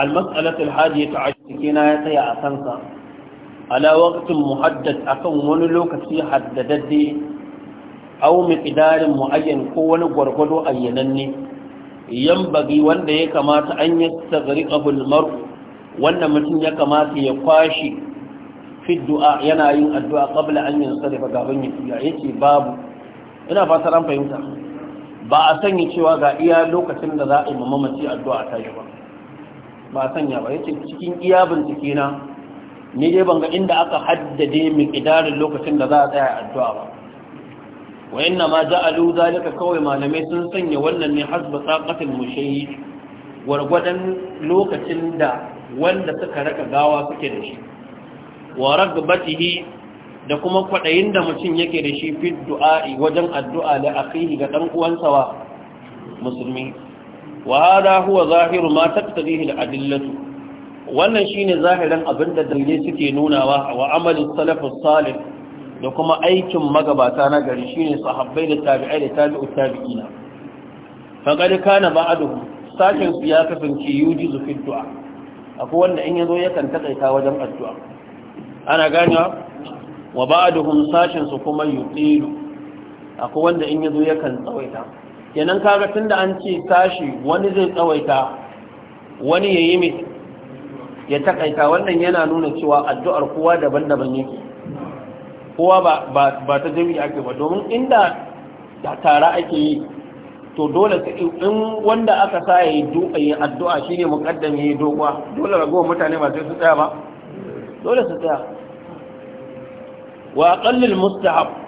almas'alatul hadiyatu ashir kina ya tsaya a kansa ala waqtin muhaddad akan wani lokaci haddadadde aw miqdarin muayyan ko wani gwargwado ayyananne yambagi wanda ya kamata an yastaghriqahu almar'u wanda mutum ya kamata ya kwashi fi du'a yana yin addu'a qabla an yansarifa gaban ya yace babu ina fatar an fahimta ba a sanya cewa ga iya lokacin da za a yi mamaci addu'a ta shi ba ba sanya ba yace cikin iya bincike na ni dai ban ga inda aka haddade mi kidarin lokacin da za a tsaya addu'a ba wa inna ma ja'alu zalika kawai malamai sun sanya wannan ne hasba saqatil mushayyi wargwadan lokacin da wanda suka raka gawa suke da shi wa ragbatihi da kuma kwadayin da mutum yake da shi fi du'a wajen addu'a da akhihi ga dan uwansa wa musulmi wa hada huwa zahiru ma taqtadihi al-adillatu wannan shine zahirin abinda dalilai suke nunawa wa amalin salafus salih da kuma aikin magabata na gari shine sahabbai da tabi'ai da tabi'ut tabi'ina fa qad kana ba'duhum sakin su ya kasance yujizu fi du'a akwai wanda in yazo yakan takaita wajen addu'a ana ganewa wa ba'duhum sashin su kuma yutilu akwai wanda in yazo yakan tsawaita kenan kaga tunda an ce tashi wani zai tsawaita wani ya yi mai ya takaita wannan yana nuna cewa addu'ar kowa daban-daban yake kowa ba ta jami ake ba domin inda tara ake yi to dole in wanda aka sa ya yi addu'a shi ne mukaddam ya yi dogwa dole ragowar mutane ba sai su tsaya ba dole su tsaya wa ƙallil mustahab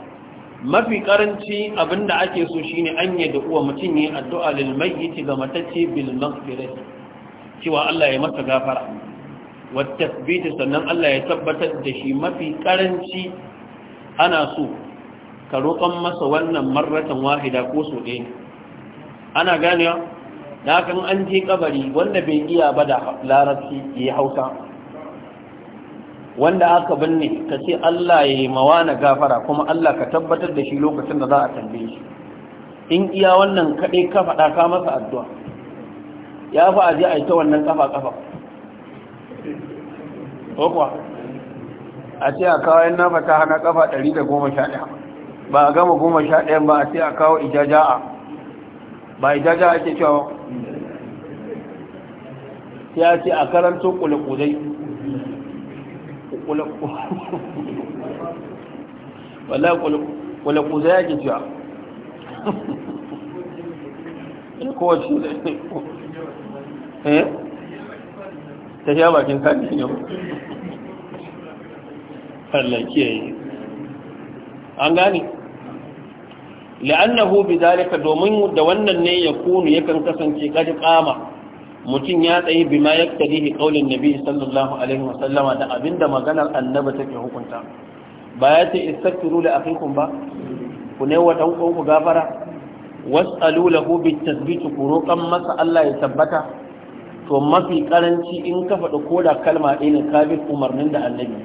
mafi karanci abinda ake so shine an yi da uwa mutum yi addu'a lil mayyit ga matacce bil maghfirah cewa Allah ya masa gafara wa tathbit sannan Allah ya tabbatar da shi mafi karanci ana so ka roƙon masa wannan marratan wahida ko so ɗaya ana ganewa da kan an je kabari wanda bai iya ba da larabci ya hausa wanda aka binne ka ce Allah ya yi mawana gafara kuma Allah ka tabbatar da shi lokacin da za a tambaye shi in iya wannan kaɗai ka faɗa ka masa addu'a ya fi aji a ita wannan ƙafa-ƙafa. ko a ce a kawo yin nafa ta hana ƙafa 111 ba a gama 111 ba a ce a kawo ijaja'a ba ijaja'a ake cewa ya ce a karanto kulikulai wala za ya ke jiya in kowace da eh ta sha bakin kaji ne ba ya yi an gani la'annahu zalika domin da wannan ne ya kunu yakan kasance kaji kama mutum ya tsaye bima ya tarihi kaulin nabi sallallahu alaihi wasallama da abinda maganar annaba take hukunta ba ya ce istaghfiru li akhikum ba ku ne wa dan gafara wasu lahu bitasbit ku roƙan masa Allah ya tabbata to mafi karanci in ka faɗi koda kalma ɗaya ne kafin umarnin da annabi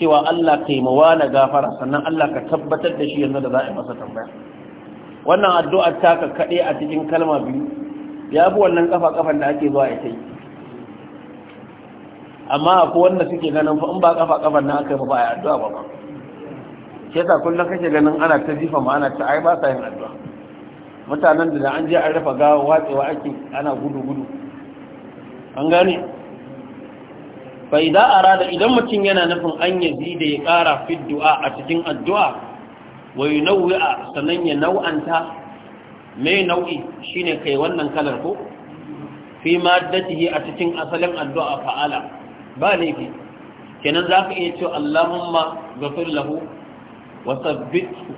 cewa Allah kai na gafara sannan Allah ka tabbatar da shi yanzu da za a yi masa tambaya wannan addu'ar taka kaɗai a cikin kalma biyu ya bi wannan kafa kafan da ake zuwa ita yi amma ko wanda suke ganin fa in ba kafa kafan na aka yi ba a addu'a ba ba ke ta kullum kake ganin ana ta jifa ma ana ta ai ba sa yin addu'a mutanen da an je an rafa gawa watsewa ake ana gudu gudu an gane fa idan arada idan mutum yana nufin an yazi da ya kara fi du'a a cikin addu'a nau'i a sanan ya nau'anta me nau'i shine kai wannan kalar ko fi maddatihi a cikin asalin addu'a fa'ala ba laifi kenan za ka iya cewa Allahumma ghafir lahu wa thabbithu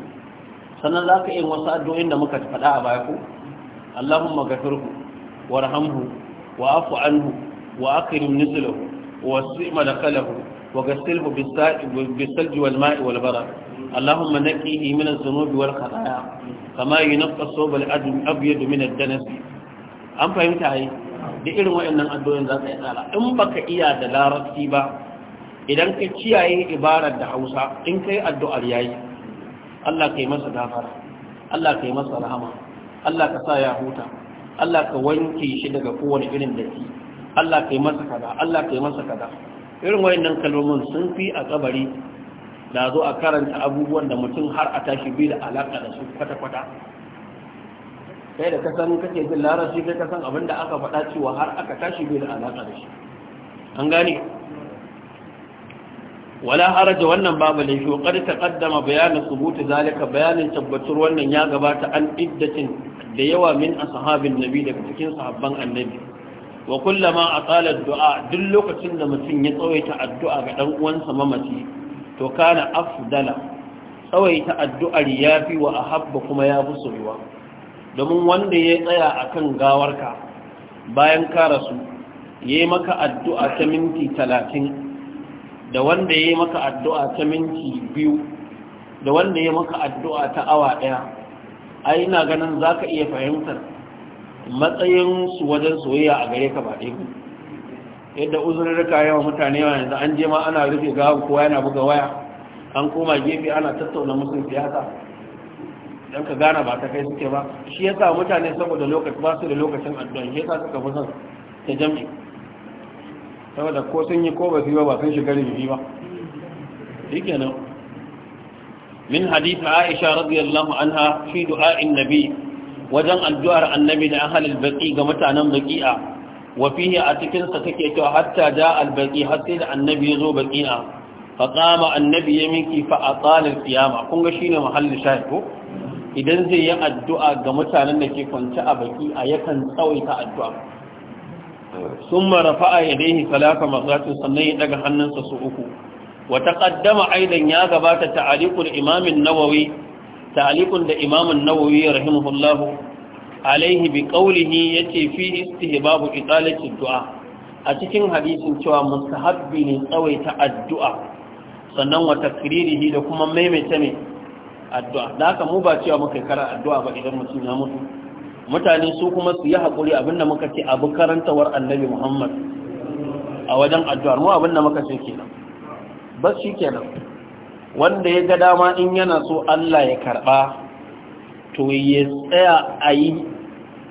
sannan za ka iya wasu addu'o'in da muka faɗa a baya ko Allahumma ghafirhu warhamhu wa afu anhu wa akrim nuzlahu wa sima dakalahu وغسله بالثلج والماء والبرد اللهم نقيه من الذنوب والخطايا كما ينقى الثوب الابيض من الدنس an fahimta ai da irin waɗannan addu'o'in za ka yi tsara in baka iya da larabci ba idan ka kiyaye ibarar da Hausa in kai addu'ar yayi Allah kai masa gafara Allah kai masa rahama Allah ka sa ya huta Allah ka wanke shi daga kowane irin datti Allah kai masa kaza Allah kai masa kaza irin nan kalmomin sun fi a kabari da zo a karanta abubuwan da mutum har a tashi bi da alaka da su kwata-kwata kai da kasan kake jin larabci kai kasan abin da aka faɗa cewa har aka tashi bi da alaka da shi an gane wala haraja wannan babu laifi wa qad taqaddama bayan thubuti zalika bayanin tabbatar wannan ya gabata an iddatin da yawa min ashabin nabi daga cikin sahabban annabi wa kullama aqala du'a duk lokacin da mutum ya tsawaita addu'a ga dan uwansa mamaci to kana afdala tsawaita addu'ar yafi wa ahabba kuma yafi soyuwa domin wanda ya tsaya akan gawarka bayan ka rasu yayi maka addu'a ta minti 30 da wanda yayi maka addu'a ta minti 2 da wanda yayi maka addu'a ta awa ɗaya, ai ina ganin zaka iya fahimtar matsayin su wajen soyayya a gare ka ba ɗaya ba yadda uzurrika yawa mutane yawa yanzu an je ma ana rufe gawa kowa yana buga waya an koma gefe ana tattauna musu siyasa don ka gana ba ta kai suke ba shi yasa mutane saboda lokaci ba su da lokacin addu'a shi yasa suka musan ta jami saboda ko sun yi ko ba su yi ba sun shiga rubuci ba shikenan min hadith Aisha radiyallahu anha fi du'a an-nabi wajen addu'ar annabi da ahalil baki ga mutanen baki? wa a cikinsa take cewa hatta da albaqi hatsi da annabi ya zo baqi'a fa qama annabi ya miki fa aqala siyama. kun ga ne mahallin shahid ko idan zai yi addu'a ga mutanen da ke kwance a baqi'a yakan tsawaita addu'a ثم رفع يديه ثلاث مرات sannan ya daga hannunsa su uku aidan ya gabata غبات تعليق imamin nawawi ta'aliqun da Imam an-Nawawi rahimahullahu alaihi bi qawlihi yace fi istihbabu italati du'a a cikin hadisin cewa mustahabbi ne tsawaita addu'a sannan wa takririhi da kuma maimaita ne addu'a da haka mu ba cewa muka kara addu'a ba idan mutum ya mutu mutane su kuma su yi hakuri abinda muka ce abu karantawar annabi Muhammad a wajen addu'ar mu abinda muka ce kenan bas shi kenan wanda ya ga dama in yana so Allah ya karba to ya tsaya a yi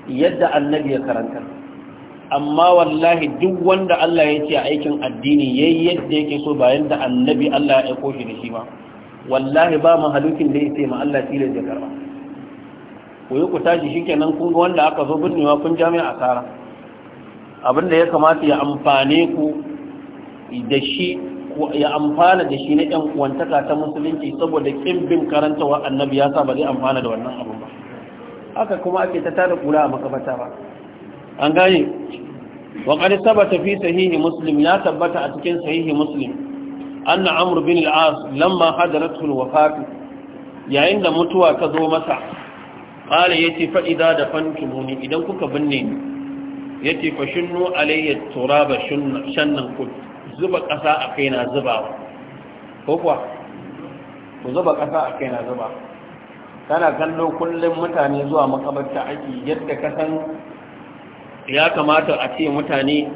yadda annabi ya karanta amma wallahi duk wanda Allah ya ce aikin addini yayi yadda yake so ba da annabi Allah ya aiko shi da shi ba wallahi ba halukin da yake ma Allah tilo da karba ko yi ku tashi shikenan kun ga wanda aka zo binnewa kun jami'a asara abinda ya kamata ya amfane ku da shi ya amfana da shi na yan uwantaka ta musulunci saboda kin bin wa annabi ya sa ba zai amfana da wannan abu ba haka kuma ake ta tada kula a makabata ba an gane wa qad sabata fi sahihi muslim ya tabbata a cikin sahihi muslim anna amr bin al-as lamma hadaratu al-wafat yayin da mutuwa ta zo masa qala yati fa idza ni idan kuka binne ni yati fa shunnu alayya turaba shunnan kun zuba ƙasa a kai na zuba ko kuwa ku zuba ƙasa a kai na zuba kana kallo kullum mutane zuwa makabarta ake yadda kasan ya kamata a ce mutane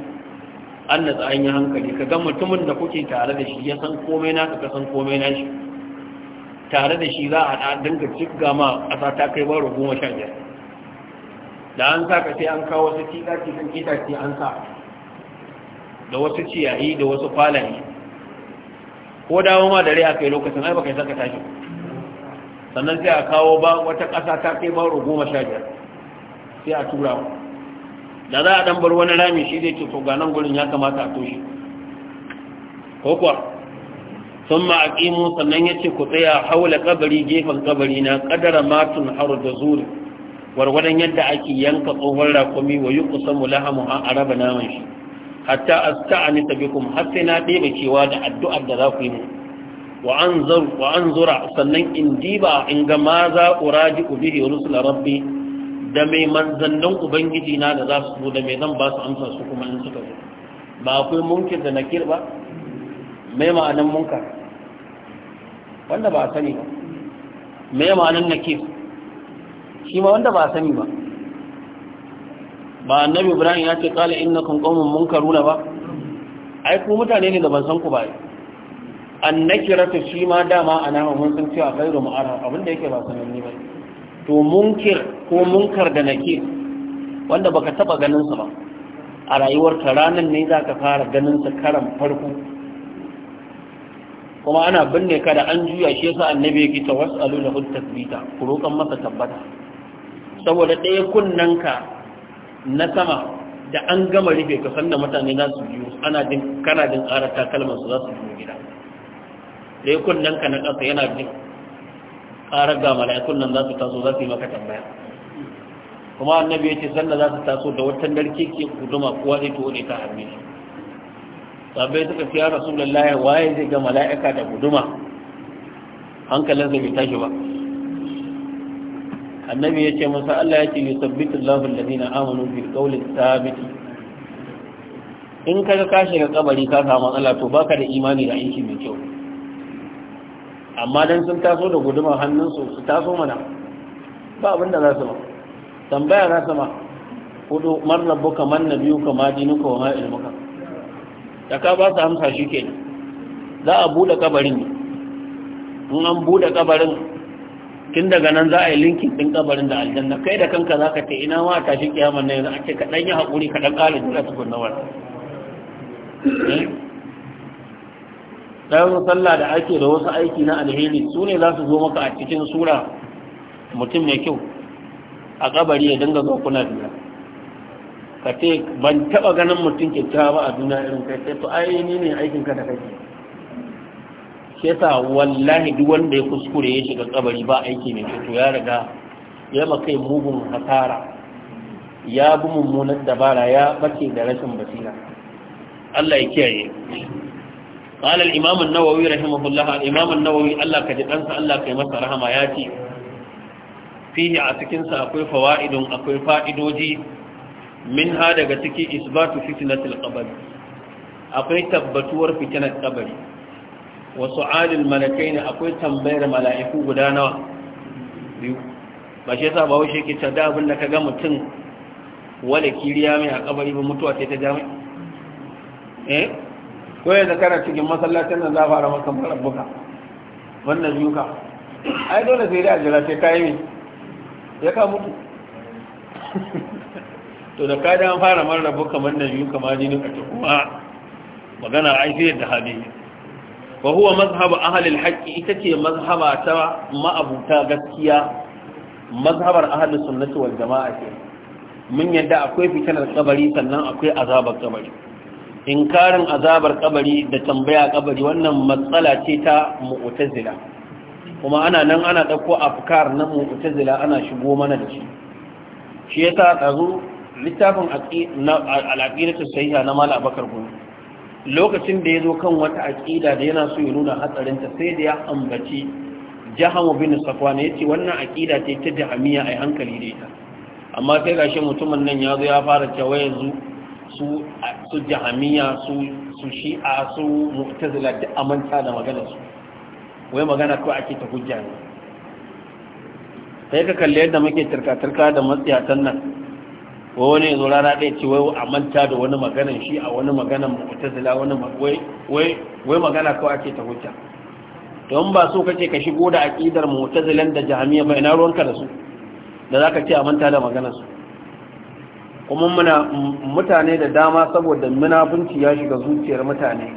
an na an yi hankali ka ga mutumin da kuke tare da shi ya san komai na ka san komai na shi tare da shi za a dinga cik gama ƙasa ta kai baro goma sha biyar da an sa ka sai an kawo su tiɗa cikin itace an sa da wasu ciyayi da wasu falani ko dawo ma dare aka yi lokacin ai baka yi saka tashi sannan sai a kawo ba wata ƙasa ta kai baro goma sha biyar sai a tura da za a dan bar wani rami shi zai ce to ga nan gurin ya kamata a toshe ko kuwa sun ma'aƙimu sannan ya ce ku tsaya haula kabari gefen kabari na ƙadara matun haru da zuri gwargwadon yadda ake yanka tsohon rakumi wa yi kusan mulahamu a araba naman shi hatta asta'anita bikum har sai na ɗebe cewa da addu'ar da za ku yi mu wa anzur wa anzura sannan in diba in ga ma za ku raji ku bihi rusul rabbi da mai manzannin ubangiji na da za su zo da mai zan ba su amsa su kuma in suka zo ba akwai munkin da nakir ba mai ma'anan munkar wanda ba a sani ba mai ma'anan nakir shi ma wanda ba a sani ba ba annabi ibrahim ya ce kala innakum qaumun munkaruna ba ai ku mutane ne da ban san ku ba annakiratu shi ma dama ana mun san cewa khairu mu'arraf abin da yake ba sananni ba to munkir ko munkar da nake wanda baka taba ganin sa ba a rayuwarka ranan ne zaka fara ganin sa karan farko kuma ana binne ka da an juya shi yasa annabi yake tawassalu lahu tasbita ku roƙan masa tabbata saboda ɗaya kunnanka na sama da an gama rufe ka sanda mutane za su biyu ana jin kana jin ƙara takalman su za su biyu gida sai kunnen ka na ƙasa yana jin ƙara ga mala'ikun nan za su taso za su yi maka tambaya kuma annabi ya ce sanda za su taso da wata narke ke guduma, kowa zai tuwo ne ta harbe shi sabai suka ce ya rasu lallahi waye zai ga mala'ika da guduma hankalin zai tashi ba annabi ya ce masa Allah ya ce lafin da alladhina amanu bil qawli sabiti in ga ka ga kabari ka samu matsala to ba ka da imani da aiki mai kyau amma dan sun taso da guduma hannunsu su taso mana ba abin da za su ba tambaya za su ma hudu man rabbuka manna biyu, ma dinuka wa ma ilmuka da ka ba su amsa shi kenan za a buɗe kabarin in an kabarin tun daga nan za a yi linkin din kabarin da aljanna kai da kanka za ka ce ina ma a tashi kiyamar na yanzu ake kaɗan yi haƙuri kaɗan ƙara jira tukun na wata eh? sallah da ake da wasu aiki na alheri su ne za su zo maka a cikin sura mutum mai kyau a kabari ya dinga zo kuna biya ka ce ban taɓa ganin mutum kyakkyawa ba a duniya irin kai sai to ai ne aikin ka da kake shi yasa wallahi duk wanda ya kuskure ya shiga kabari ba aiki mai kyau ya riga ya makai mugun hasara ya bi mummunan dabara ya bace da rashin basira Allah ya kiyaye قال الإمام النووي رحمه الله الإمام النووي الله كجدانس الله كيما رحمة ياتي فيه عسكنس أقوي فوائد أقوي فائدوجي من هذا قتكي إثبات فتنة القبر أقوي تبتور فتنة القبر wa su'alil malakaini akwai tambayar mala'iku guda nawa biyu ba shi yasa ba wuce ke tada abin da ka ga mutum wala kiriya mai a kabari ba mutuwa sai ta jami'a eh ko yanzu kana cikin masallacin nan za fara maka rabbuka wannan ka. ai dole sai da ajira sai kai mi ya ka mutu to da ka da fara marar rabbuka wannan yuka ma jini ka kuma magana ai sai da habibi fa huwa mazhabu ahlil ita ce mazhaba ta ma'abuta gaskiya mazhabar ahlus sunnati wal jama'a ce mun yadda akwai fitanar kabari sannan akwai azabar kabari inkarin azabar kabari da tambaya kabari wannan matsala ce ta mu'tazila kuma ana nan ana dauko afkar na mu'tazila ana shigo mana da shi shi yasa tsaro littafin al-aqidatu sahiha na mala abakar gumi lokacin da ya zo kan wata aƙida da yana so ya nuna hatsarinta sai da ya ambaci jahamu bin safwan ya ce wannan aƙida ce ta jahamiya a hankali da ita amma sai gashi mutumin nan ya zo ya fara cewa yanzu su su jahamiya su su shi'a su mu'tazila da amanta da maganar su wai magana kawai ake ta hujja ne sai ka kalli yadda muke turka-turka da matsiyatan nan wai wani zo rana ɗaya ce wai a manta da wani maganan shi a wani maganan mutazila wani wai wai magana kawai ake ta hujja don ba so kace ka shigo da aqidar mutazilan da jahmiya ba ina ruwanka da su da zaka ce a manta da maganar su kuma muna mutane da dama saboda munafunci ya shiga zuciyar mutane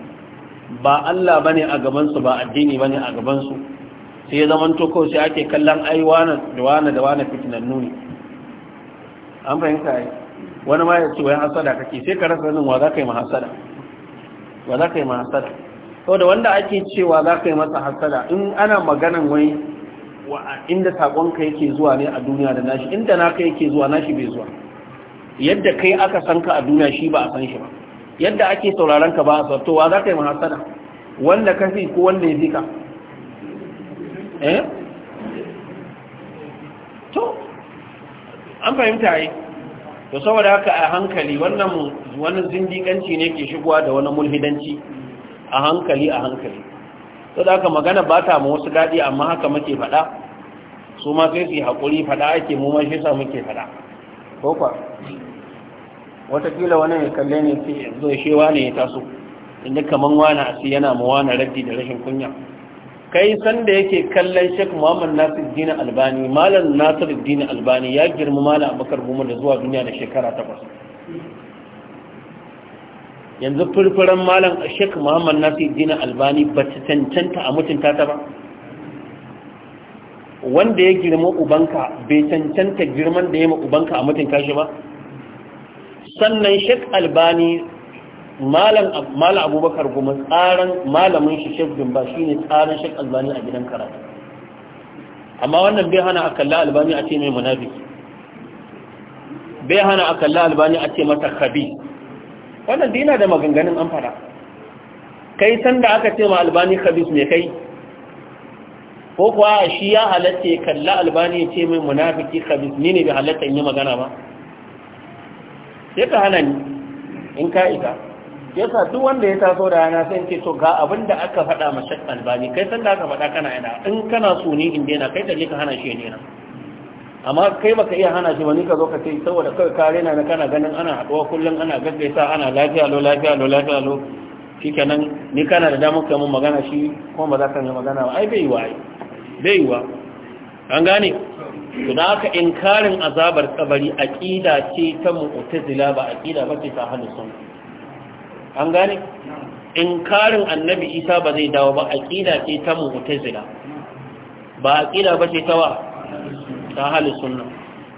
ba Allah bane a gaban su ba addini bane a gaban su sai zaman to kawai sai ake kallon aiwana da wani da wani fitnan nuni an fahimta ai wani ma ya ce wai hasada kake sai ka rasa nan wa za ka yi ma hasada wa za ka yi ma hasada da wanda ake cewa za ka yi masa hasada in ana maganan wai inda ka yake zuwa ne a duniya da nashi inda naka yake zuwa nashi bai zuwa yadda kai aka san ka a duniya shi ba a san shi ba yadda ake sauraron ka ba a sartowa za ka yi mahasada wanda ka fi ko wanda ya fi ka eh an fahimta yi to saboda haka a hankali wannan wani zindiƙanci ne ke shigowa da wani mulhidanci a hankali a hankali to da haka magana ba ta ma wasu daɗi amma haka muke faɗa su ma sai su yi haƙuri faɗa ake mu ma shi sa muke faɗa ko kwa watakila wani ya kalle ne sai yanzu shewa ne ya taso inda kaman wani asi yana mu wani raddi da rashin kunya kai sanda yake kallon Sheikh Muhammad Nasiruddin Albani Malam Nasiruddin Albani ya girma Malam Abubakar Goma da zuwa duniya da shekara takwas yanzu furfuran Malam Sheikh Muhammad Nasiruddin Albani ba ta cancanta a mutunta ta ba wanda ya girma ubanka bai cancanta girman da ya ma ubanka a mutunta shi ba sannan Sheikh Albani malam abubakar kuma tsarin malamin shi shek bin ba shine tsarin shek albani a gidan karatu amma wannan bai hana a kalla albani a ce mai munafiki bai hana a kalla albani a ce mata kabi wannan dina da maganganun an fara kai san da aka ce ma albani kabis ne kai ko kuwa shi ya halatta kalla albani ya ce mai munafiki kabis ni ne bai halatta in yi magana ba sai ka hana ni in ka isa yasa duk wanda ya taso da yana sai ce to ga abin da aka faɗa ma shek albani kai san da aka faɗa kana yana in kana so ni in daina kai kaje ka hana shi ne na amma kai baka iya hana shi wani ka zo ka ce saboda kai ka rena na kana ganin ana haɗuwa kullum ana gaggaisa ana lafiya lo lafiya lo lafiya lo shikenan ni kana da damar kai mun magana shi ko ba za ka yi magana ba ai bai yi wa ai bai yi wa an gane to da aka inkarin azabar kabari aqida ce ta mu'tazila ba aqida ba ce ta halu sunna an gane inkarin annabi isa ba zai dawo ba aqida ce ta mu'tazila ba aqida ba ce ta wa ta halin sunna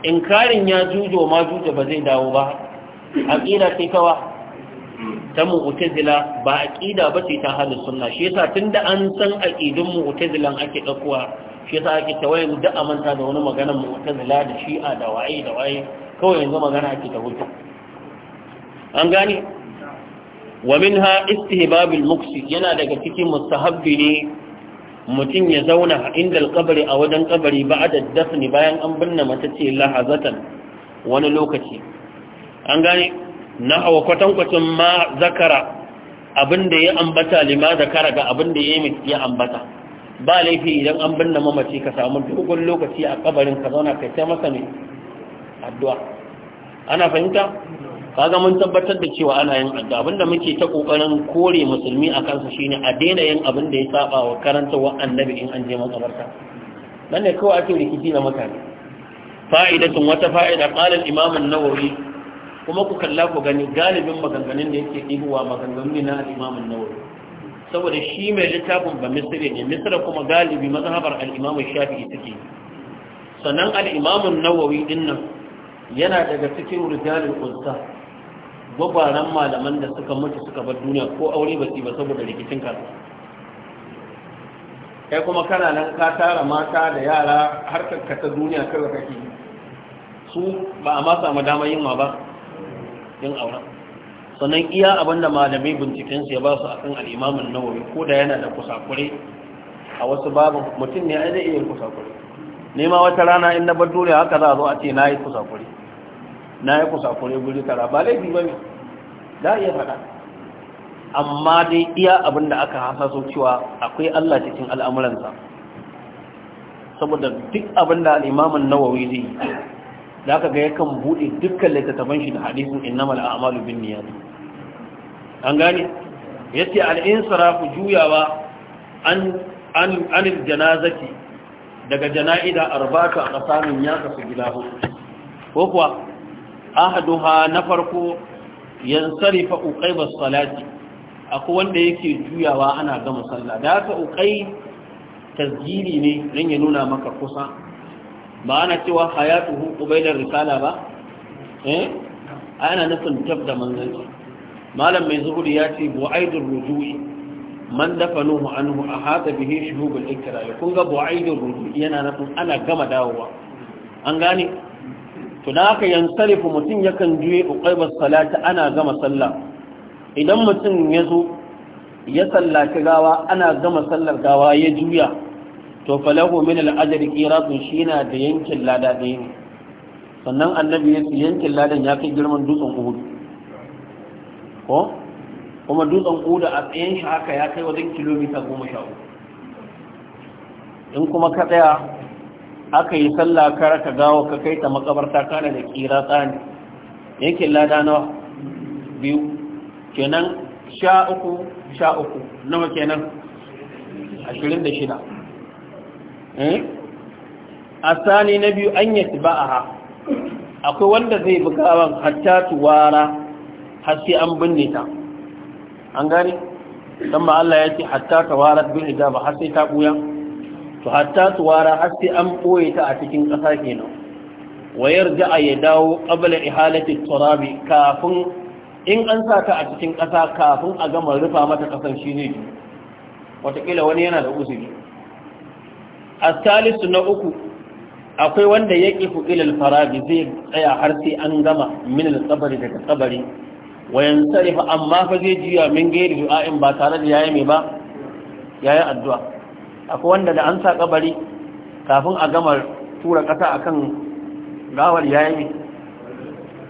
inkarin ya jujo ma jujo ba zai dawo ba aqida ce ta wa ta mu'tazila ba aqida ba ce ta halin sunna shi yasa tun da an san aqidun mu'tazilan ake dakuwa shi yasa ake ta tawayin da amanta da wani maganar mu'tazila da shi'a da waye da waye kawai yanzu magana ake ta hujja an gane wa minha istihbabul muksi yana daga cikin mustahabbi ne mutum ya zauna inda kabari a wajen kabari ba da dafni bayan an binne mata ce lahazatan wani lokaci an gane na hawa kwatankwacin ma zakara abinda ya ambata lima zakara ga abinda ya ya ambata ba laifi idan an binne mamaci ka samu dogon lokaci a kabarin ka zauna kai ta masa ne addu'a ana fahimta kaga mun tabbatar da cewa ana yin addu'a abinda muke ta kokarin kore musulmi a kansa shine a daina yin abin da ya saba wa karanta wa annabi in an je makabarta nan ne kawai ake rikici da mutane fa'idatun wata fa'ida qala al-imam an-nawawi kuma ku kalla ku gani galibin maganganun da yake dihuwa maganganun ne na al-imam an-nawawi saboda shi mai littafin ba misri ne misra kuma galibi mazhabar al-imam shafi'i take sannan al-imam an-nawawi din yana daga cikin rijalul uzza gwagwaran malaman da suka mutu suka bar duniya ko aure ba ba saboda rikicin kasu kai kuma kana nan ka tara mata da yara har ka ta duniya ka kake su ba a ma samu damar yin ma ba yin aure sannan iya abinda malamai binciken su ya ba su akan al'imamin nawawi ko da yana da kusakure a wasu babu mutum ne ai zai iya kusakure nema wata rana in na bar duniya haka za a zo a ce na yi kusakure na yi kusakure guri tara ba laifi ba ne za a iya faɗa amma dai iya abin da aka hasaso cewa akwai Allah cikin al'amuransa saboda duk abin da al'imamin nawawi zai da aka ga yakan buɗe dukkan littattafan shi da hadisin innamal a'malu bin niyyat an gane ce al’insara ku juyawa an jana zaki daga jana'ida arbaka qasamin ya kasu gida hudu ko kuwa ahaduha na farko yansarifa uqayba salati akwai wanda yake juyawa ana gama sallah da haka uqay tasgiri ne dan ya nuna maka kusa ba ana cewa hayatuhu ubaydar risala ba eh ana nufin tabda manzanci malam mai zuhuri ya ce bu'aidur ruju'i man dafanuhu anhu ahata bihi shuhubul ikra kun ga bu'aidur ruju'i yana nufin ana gama dawowa an gane to da yansarifu mutum yakan juye uqaibas salata ana gama sallah idan mutum ya zo ya sallaci gawa ana gama sallar gawa ya juya to falahu min Al'adar kira sun shi na da yankin lada ɗaya ne sannan annabi ya ce yankin ladan ya kai girman dutsen uhud ko kuma dutsen uhud a tsayen shi haka ya kai wajen kilomita goma sha uku in kuma ka tsaya aka yi sallah ka gawo ka kai ta makabarta kana da kira tsani yake lada nawa biyu kenan sha uku sha uku nawa kenan ashirin da shida eh? a sani na biyu an yi ba'aha akwai wanda zai bi gawan hatta tuwara har sai an binne ta an gani? don ba Allah ya ce hatta tawarat bin hijaba har sai ta buya to hatta tuwara har sai an ɓoye ta a cikin ƙasa kenan wayar ja'a ya dawo ƙabla ihalati turabi kafin in an sa ta a cikin ƙasa kafin a gama rufa mata ƙasan shi ne watakila wani yana da uzuri asalisu na uku akwai wanda ya ƙifu ilal farabi zai tsaya har sai an gama minal tsabari daga tsabari wayan sarifa amma fa zai jiya min gairi du'a'in ba tare da yayi mai ba yayi addu'a akwai wanda da an sa kabari kafin a gama tura kasa akan gawar yayi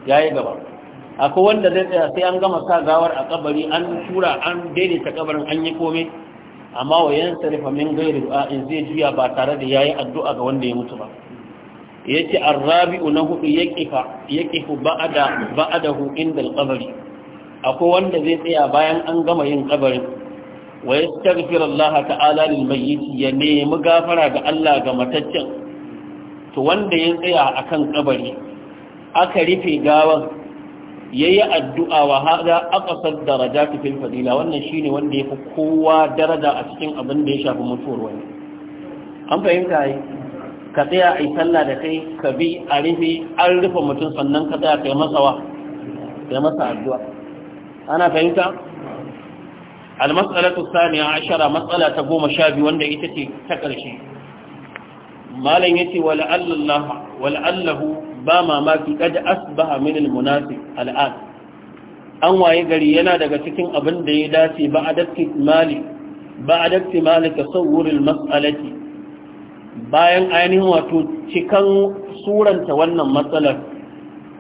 yayi gaba akwai wanda zai tsaya sai an gama sa gawar a kabari an tura an daidaita kabarin an yi komai amma wa yan sarifa min gairi in zai juya ba tare da yayi addu'a ga wanda ya mutu ba yace arrabi'u na hudu yaqifa yaqifu ba'ada ba'adahu inda al-qabri akwai wanda zai tsaya bayan an gama yin kabarin wa yastaghfir Allah ta'ala lil mayyit ya nemi gafara ga Allah ga mataccen to wanda ya tsaya akan kabari aka rufe gawar yayi addu'a wa hada daraja darajat fil fadila wannan shine wanda yafi kowa daraja a cikin abin da ya shafi mutuwar wani an fahimta ai ka tsaya ai sallah da kai ka bi a rufe an rufe mutum sannan ka tsaya kai masa wa kai masa addu'a ana fahimta almas'alatu saniya ashara matsala ta goma sha biyu wanda ita ce ta ƙarshe malam yace wala allah ba mamaki kada asbaha minin almunasib al'an an waye gari yana daga cikin abin da ya dace ba adatti mali ba adatti mali tasawwur bayan ainihin wato cikan suranta wannan matsalar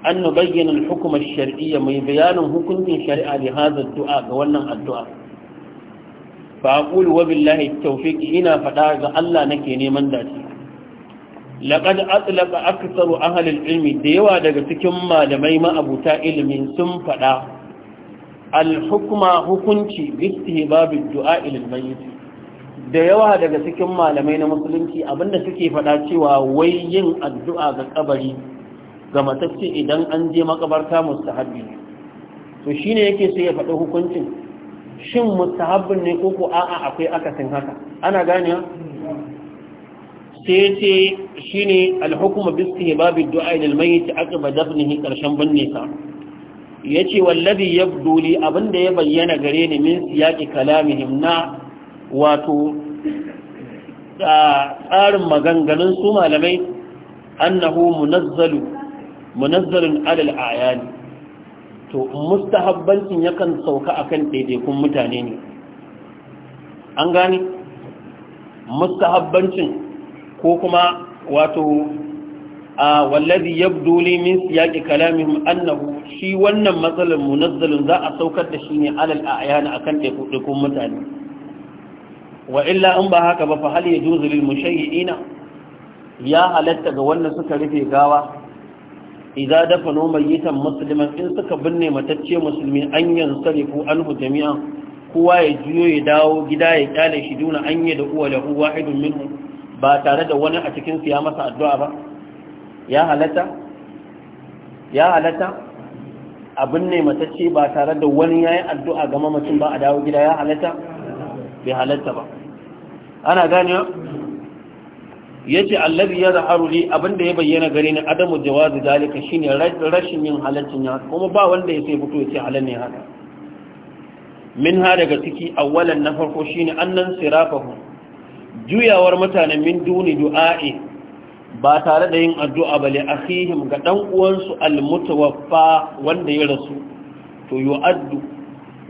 an nu bayyana hukm ash-shar'iyya mai bayanin hukuncin shari'a da hadha du'a ga wannan addu'a fa aqulu wa billahi tawfiq ina faɗa ga Allah nake neman dace laqad atlaqa aktsaru ahli ilmi da yawa daga cikin malamai ma'abuta ilimin sun fada al-hukma hukunci bi babu ad-du'a ila da yawa daga cikin malamai na musulunci abinda suke fada cewa wai yin addu'a ga kabari ga matacce idan an je makabarta mustahabbi to shine yake so ya faɗi hukuncin shin mustahabbin ne ko a'a akwai akasin haka ana ganewa sai ce shi ne alhukuma biski babin du'a da mai ta aka ba dafnihi karshen binne ka ya ce wallabi ya doli abinda ya bayyana gare ni min yaƙi kalamihim na wato tsarin maganganun su malamai annahu munazzalu munazzalun alal ayani to mustahabbancin yakan sauka akan daidaikun mutane ne an gane mustahabbancin ko kuma wato a wallazi yabdu li min siyaqi kalamihim annahu shi wannan matsalan munazzalun za a saukar da shi ne alal a'yan akan ɗaiɗaikun mutane wa illa in ba haka ba fa hal yajuzu lil mushayyi'ina ya halatta ga wanda suka rufe gawa إذا دفنوا ميتا مسلما in suka binne matacce musulmi an yansarifu anhu jami'an kowa ya juyo ya dawo gida ya kyale shi duna an da uwa lahu wahidun minhu ba tare da wani a cikin ya masa addu'a ba matacce ba tare da wani yayi addu'a ga mamacin ba a dawo gida ya halatta bai halatta ba ana gane yace allazi zaharu li abinda ya bayyana gare ni adamu jawazi dalika shine rashin yin halaccin ya kuma ba wanda ya sai fito ya ce halal ne haka min ha daga ciki awwalan na farko shine annan sirafahu juyawar mutanen min duni du'a'i ba tare da yin addu'a ba li akhihim ga dan uwansu almutawaffa wanda ya rasu to yu'addu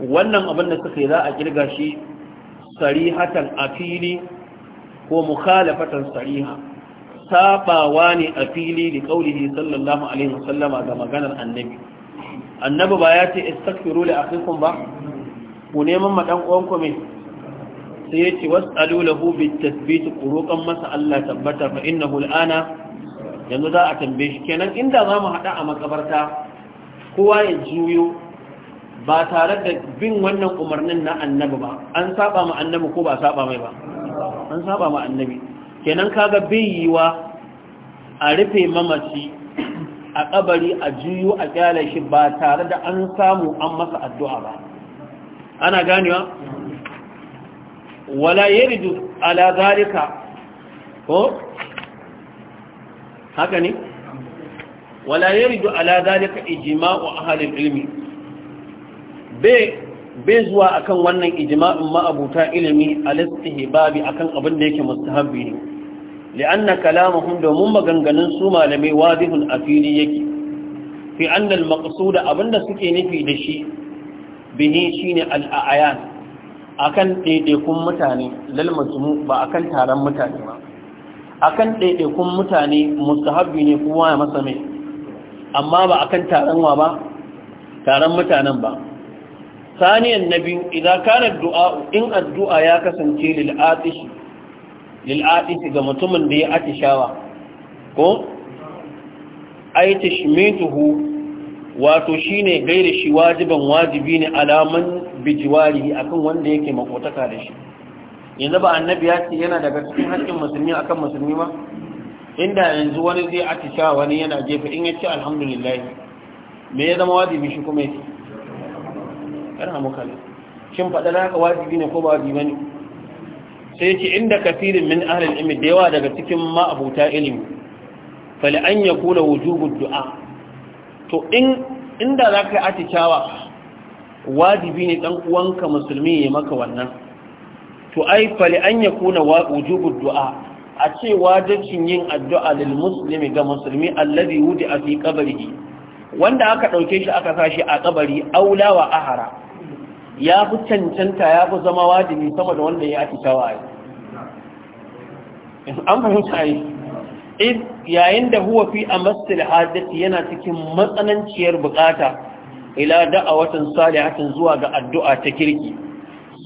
wannan abin da suka yi za a kirga shi sarihatan a fili ko mukhalafatan sariha sabawa ne a fili da kaulihi sallallahu alaihi wasallama ga maganar annabi annabi ba ya ce istaghfiru li akhikum ba ku neman ma dan uwanku me sai ya ce was'alu lahu bitathbit quruqan masa Allah tabbata fa innahu al'ana yanzu za a tambaye shi kenan inda za mu hada a makabarta kowa ya juyo ba tare da bin wannan umarnin na annabi ba an saba ma annabi ko ba saba mai ba an saba ma annabi kenan kaga bayyiwa a rufe mamaci a kabari a juyo a kyale shi ba tare da an samu an masa addu'a ba ana ganewa wala yaridu ala zalika ko haka ne wala yaridu ala zalika ijma'u ahli ilmi bai bai zuwa akan wannan ijma'in ma'abuta ilimi al babi akan abin da yake mustahabbi ne li'anna kalamuhum domin maganganun su malamai wadihun asiri yake fi anna al abinda suke nufi da shi bihi shine al-a'yan akan daidaikun mutane lal majmu ba akan taron mutane ba akan daidaikun mutane mustahabbi ne kowa ya masa mai amma ba akan taron wa ba taron mutanen ba ثانيا na biyu idan kana du'a in addu'a ya kasance lil atishi lil ga mutumin da ya atishawa ko ai tashmituhu wato shine gaira shi wajiban wajibi ne alaman bijiwari akan wanda yake yanzu ba annabi ce yana daga cikin haƙƙin musulmi akan musulmi ba inda yanzu wani zai atisha wani yana jefa in ya ce alhamdulillah me ya zama wajibi shi kuma yake yarhamuka Allah shin faɗa haka wajibi ne ko ba wajibi bane sai ce inda kafirin min ahlil ilmi da yawa daga cikin ma'abuta ilimi fali an ya kula wujubud du'a to in inda zaka yi aticawa wajibi ne dan uwanka musulmi ya maka wannan to ai fali an ya kula wujubud du'a a ce wajibin yin addu'a lil muslimi ga musulmi alladhi a fi qabrihi wanda aka dauke shi aka sashi a kabari aulawa ahara ya fi cancanta ya fi zama wajibi sama da wanda ya atishawa a yi an fahimta yi yayin da huwa fi a masjid yana cikin matsananciyar bukata ila da'awatin salihatin zuwa ga addu'a ta kirki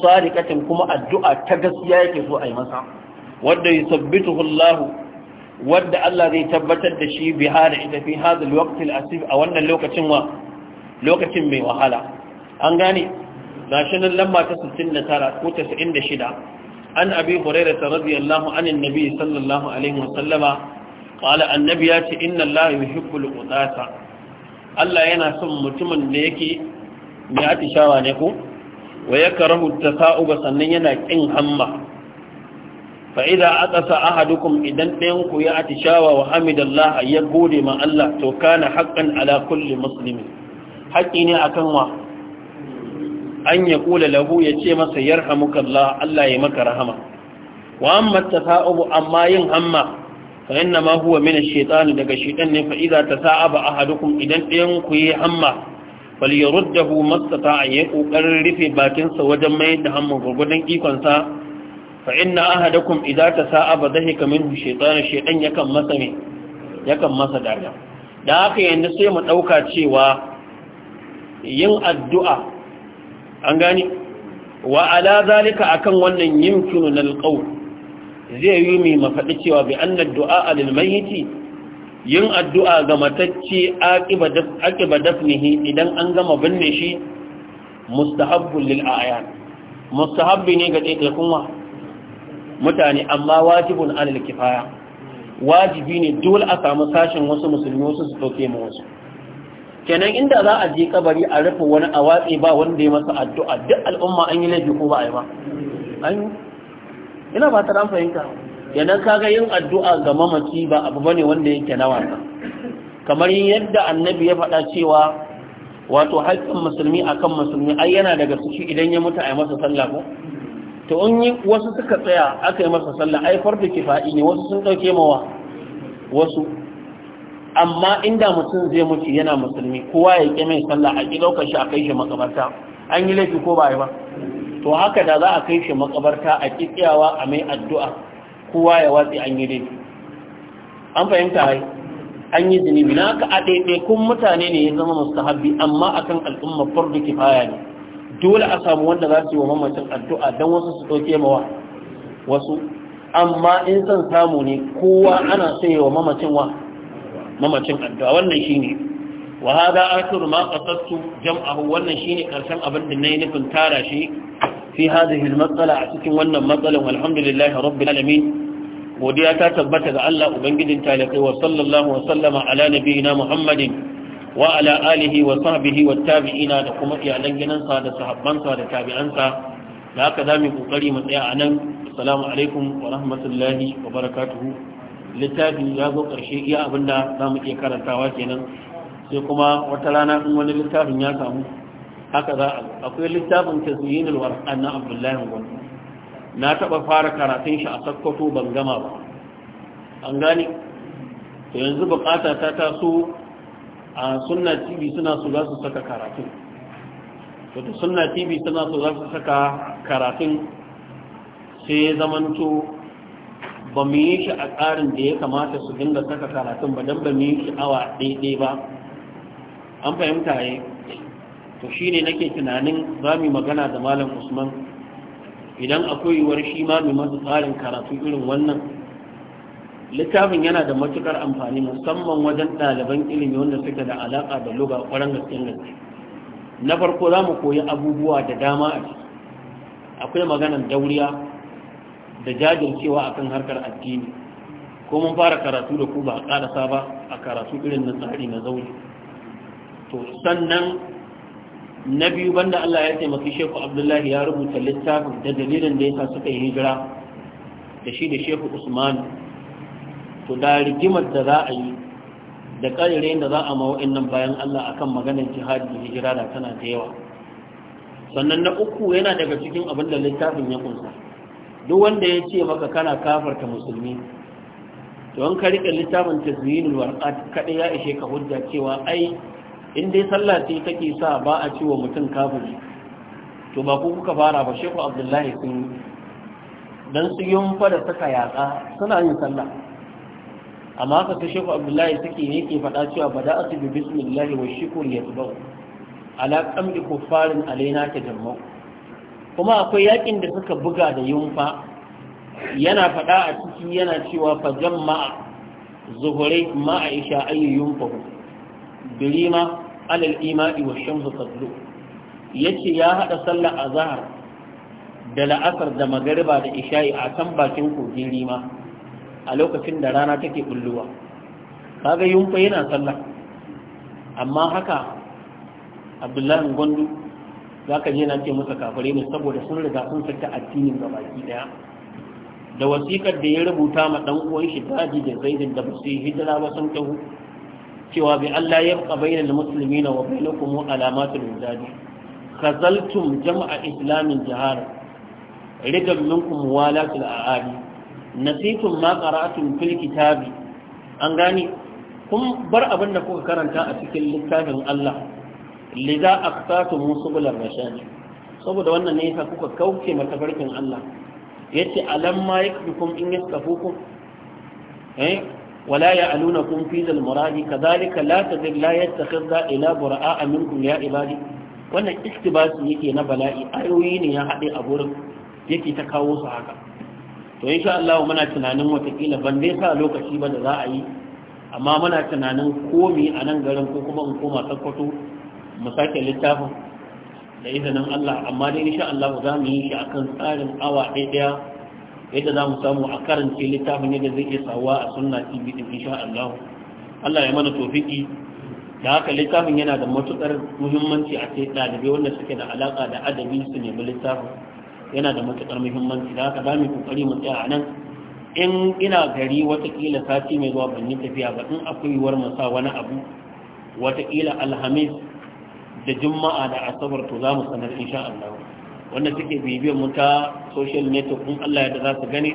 sadiqatin kuma addu'a ta gaskiya yake so a yi masa wanda yusabbituhu Allah wanda Allah zai tabbatar da shi bi hada ita fi hadal waqtil asif a wannan lokacin wa lokacin mai wahala an gane gashi nan lamba ta 69 ko 96 an abi hurairah radiyallahu anhu annabi sallallahu alaihi wasallama qala annabi ya ce inna allaha yuhibbul qudata Allah yana son mutumin da yake mai atishawa ne ko wa yakrahu tasa'uba sannan yana kin hamma fa idza aqasa ahadukum idan ɗayan ku ya atishawa wa hamidallahi ya gode ma Allah to kana haqqan ala kulli muslimin haƙi ne akan wa an ya kula lahu ya ce masa yarhamukallah Allah ya maka rahama wa amma tasa'ubu amma yin hamma fa inna ma huwa min ash-shaytan daga shaytan ne fa idza tasa'aba ahadukum idan ɗayan ku yi hamma falyaruddahu mastata'a ya kokarin rufe bakin sa wajen mai da hamman gurgudan ikon sa fa inna ahadakum idza tasa'aba dhahika minhu shaytan shaytan yakan masa ne yakan masa dariya da haka yanzu sai mu dauka cewa yin addu'a an gani wa ala zalika akan wannan yumkinu lil qawl zai yi mai mafaɗi cewa bi annad du'a lil mayyiti yin addu'a ga matacce aqiba dafnihi idan an gama binne shi mustahabbul lil a'yan mustahabbi ne ga dukkan wa mutane amma wajibun alal kifaya wajibi ne dole a samu sashin wasu musulmi wasu su dauke mu wasu kenan inda za a je kabari a rufe wani a watsi ba wanda ya masa addu'a duk al'umma an yi laifi ko ba a yi ba an ina ba ta ran fahimta kenan kaga yin addu'a ga mamaci ba abu bane wanda yake na wasa kamar yadda annabi ya faɗa cewa wato haƙƙin musulmi akan musulmi ai yana daga suci idan ya mutu a yi masa sallah ko to in yi wasu suka tsaya aka yi masa sallah ai fardu kifa'i ne wasu sun ɗauke mawa wasu amma inda mutum zai mutu yana musulmi kowa ya ƙi mai sallah a ƙi ɗaukar shi a kai shi makabarta an yi laifi ko ba yi ba to haka da za a kai shi makabarta a ƙi tsayawa a mai addu'a kowa ya watsi an yi laifi an fahimta hai an yi zunubi na haka a ɗaiɗaikun mutane ne ya zama mustahabbi amma akan al'umma fardu kifaya ne dole a samu wanda za su yi wa mamacin addu'a don wasu su ɗauke mawa wasu amma in son samu ne kowa ana so wa mamacin wa mamacin addu'a wannan ne wa hada akhir ma qatattu jam'ahu wannan shine karshen abin da yi nufin tara shi fi hadhihi matsala a cikin wannan matsalan alhamdulillahi rabbil alamin godiya ta tabbata ga Allah ubangijin talakai wa sallallahu wa sallama ala na muhammadin wa ala alihi wa sahbihi wa tabi'ina da kuma iyalan gidansa da sahabbansa da tabi'ansa da haka zamu kokari mu tsaya anan assalamu alaikum wa rahmatullahi wa barakatuhu littafi ya zo ƙarshe iya abin da za mu iya karantawa kenan sai kuma wata rana in wani littafin ya samu haka za a akwai littafin taswiyin alwar'an na abdullahi gwamnati na taɓa fara karatun shi a sakkwato ban gama ba an gane to yanzu buƙata ta taso a sunna tv suna so za su saka karatun to da sunna tv suna so za su saka karatun sai ya zamanto ba mu yi shi a tsarin da ya kamata su dinga saka karatun ba don ba mu yi shi awa daidai ba an fahimta yi to shi ne nake tunanin za mu magana da malam usman idan akwai yiwuwar shi ma mu masu tsarin karatu irin wannan littafin yana da matukar amfani musamman wajen ɗaliban ilimi wanda suke da alaƙa da luga ƙwarar gaske na farko za mu koyi abubuwa da dama a akwai maganar dauriya da jajircewa akan harkar addini ko mun fara karatu da ku ba a ƙarasa ba a karatu irin na tsari na zaune to sannan na biyu banda Allah ya taimaki Shehu Abdullahi ya rubuta littafin da dalilin da sa suka yi hijira da shi da Shehu Usman to da rigimar da za a yi da ƙarire da za a ma nan bayan Allah akan maganar jihadi da hijira da tana da yawa sannan na uku yana daga cikin abin da littafin ya kunsa duk wanda ya ce maka kana kafarta musulmi to an ka rike littafin tazminul warqat kada ya ishe ka hujja cewa ai in dai sallah ce take sa ba a ciwo mutum kafiri to ba ku kuka fara ba shehu abdullahi sun dan su fa da suka yatsa suna yin sallah amma ka ta shehu abdullahi suke ne ke faɗa cewa ba da su bi bismillahi wa shukr yatba'u ala qamdi kuffarin alaina tajammu kuma akwai yakin da suka buga da yunfa yana faɗa a ciki yana cewa fajan ma'a zuhurai ma'a isha ayyu yunfa birima alal ima'i wa shamsu tadlu yace ya hada sallar azhar da la'asar da magariba da isha'i a kan bakin kogin rima a lokacin da rana take bulluwa kaga yunfa yana sallah amma haka abdullahi gondu za ka je na ce masa kafare ne saboda sun riga sun fita addinin ga baki daya da wasikar da ya rubuta ma dan uwan shi daji da zaidin da ba yi hijira ba sun tahu cewa bi Allah ya yabqa bainal muslimina wa bainakum alamatul wijadi khazaltum jama'a islamin jahar rigan minkum walatul aadi nasitum ma qara'atum fil kitabi an gani kun bar abin da kuka karanta a cikin littafin Allah liza aqsatu musubulan rashad saboda wannan ne yasa kuka kauce matafarkin Allah yace alam ma yakbikum in yaskafukum eh ولا يعلونكم في ذا المراد كذلك لا تذر لا يتخذ ila bura'a minkum ya ibadi wannan iktibasi yake na bala'i ayoyi ne ya hade a gurin yake ta kawo su haka to insha Allah muna tunanin watakila ban dai sa lokaci ba da za a yi amma muna tunanin komi a nan garin ko kuma in koma sakkwato mu sake littafin da izinin Allah amma dai insha Allah za mu yi shi akan tsarin awa ɗaya yadda za mu samu a karance littafin yadda zai iya sawa a sunna TV din insha Allah Allah ya mana tofiki da haka littafin yana da matukar muhimmanci a sai ɗalibai wanda suke da alaka da adabi su nemi littafin yana da matukar muhimmanci da haka za mu kokari mu tsaya a nan in ina gari watakila sati mai zuwa ban yi tafiya ba in akwai yiwuwar mu sa wani abu watakila alhamis da juma'a da asabar to za mu sanar insha Allah wannan suke bibiyan mu ta social network kun Allah ya da za su gani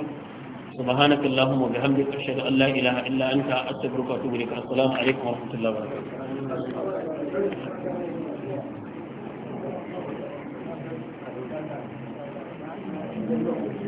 subhanaka allahumma wa bihamdika ashhadu an la ilaha illa anta astaghfiruka wa atubu ilaik assalamu alaikum wa rahmatullahi wa barakatuh Thank you.